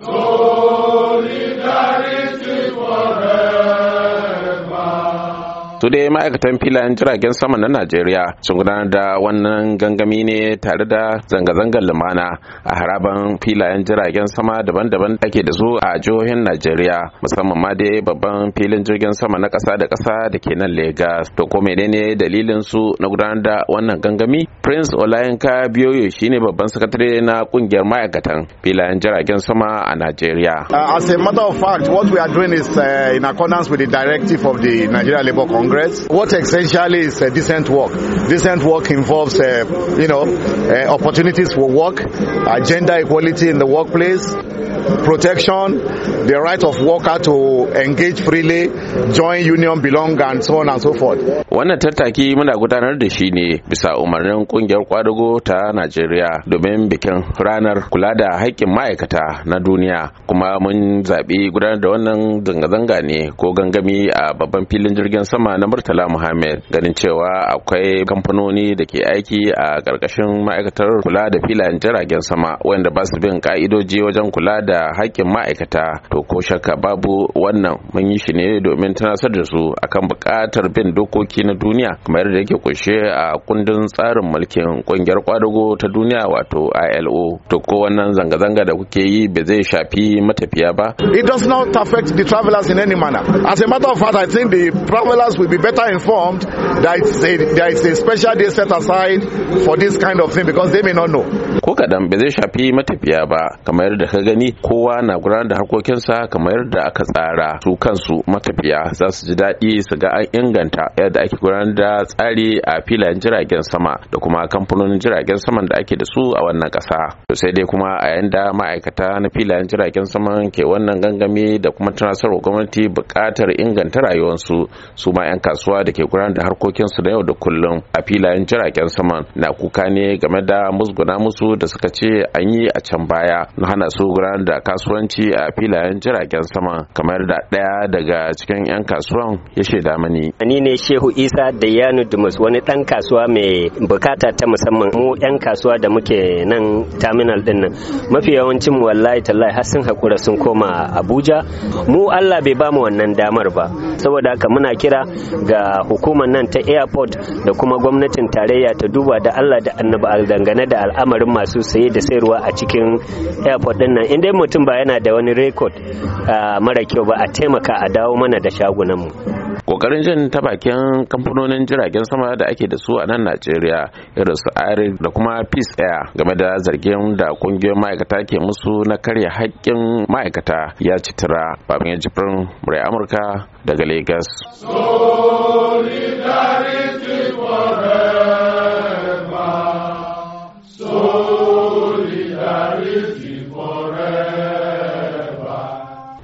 So su dai ma'aikatan filayen jiragen sama na najeriya sun gudanar da wannan gangami ne tare da zanga-zangar lumana a haraban filayen jiragen sama daban-daban ake da su a jihohin najeriya musamman ma dai babban filin jirgin sama na kasa da kasa da ke nan Legas. to ko menene dalilin su na gudanar da wannan gangami prince olayinka biyoyo shine babban sakatare na kungiyar ma'aikatan filayen jiragen sama a najeriya uh, as a matter of fact what we are doing is uh, in accordance with the directive of the nigeria labour congress Congress. What essentially is a decent work? Decent work involves, uh, you know, uh, opportunities for work, uh, gender equality in the workplace, protection, the right of worker to engage freely, join union, belong, and so on and so forth. Wannan tattaki muna gudanar da shi ne bisa umarnin kungiyar kwadago ta Najeriya domin bikin ranar kula da haƙƙin ma'aikata na duniya kuma mun zaɓi gudanar da wannan zanga-zanga ne ko gangami a babban filin jirgin sama na Murtala muhammed ganin cewa akwai kamfanoni da ke aiki a ƙarƙashin ma'aikatar kula da filayen jiragen sama wanda ba su bin ka'idoji wajen kula da haƙƙin ma'aikata to ko shakka babu wannan mun yi shi ne domin tunasar da su akan buƙatar bin dokoki na duniya kamar yadda yake kunshe a kundin tsarin mulkin ƙungiyar kwadago ta duniya wato ILO to ko wannan zanga-zanga da kuke yi ba zai shafi matafiya ba it does not affect the travelers in any manner as a matter of fact i think the travelers will be better informed that it's a, that it's a special day set aside for this kind of thing because they may not know. Ko kaɗan ba zai shafi matafiya ba kamar yadda ka gani kowa na gudanar da harkokinsa kamar yadda aka tsara su kansu matafiya za su ji daɗi su ga an inganta yadda ake gudanar da tsari a filayen jiragen sama da kuma kamfanonin jiragen saman da ake da su a wannan ƙasa. To sai dai kuma a yanda ma'aikata na filayen jiragen saman ke wannan gangami da kuma tunasarwa gwamnati buƙatar inganta rayuwarsu su ma 'yan kasuwa da ke gudanar da harkokinsu na yau da kullum a filayen jiragen sama na kuka ne game da musguna musu da suka ce an yi a can baya na hana su gudanar da kasuwanci a filayen jiragen sama kamar da ɗaya daga cikin 'yan kasuwan ya shaida mani. Ni ne Shehu Isa da Yanu Dumus wani ɗan kasuwa mai bukata ta musamman mu 'yan kasuwa da muke nan terminal ɗin nan mafi yawancin mu wallahi tallahi har sun haƙura sun koma Abuja mu Allah bai ba wannan damar ba saboda haka muna kira ga hukumar nan ta airport da kuma gwamnatin tarayya ta duba da Allah da annaba dangane da al'amarin masu saye da sayarwa a cikin airport din nan inda mutum ba yana da wani record ah, mara kyau ba a taimaka a dawo mana da shagunan mu kokarin jin ta bakin kamfanonin jiragen sama da ake da su a nan najeriya irin su air da kuma peace air game da zargin da kungiyoyin ma'aikata ke musu na karya haƙƙin ma'aikata ya citira babin jifirin murai amurka daga lagos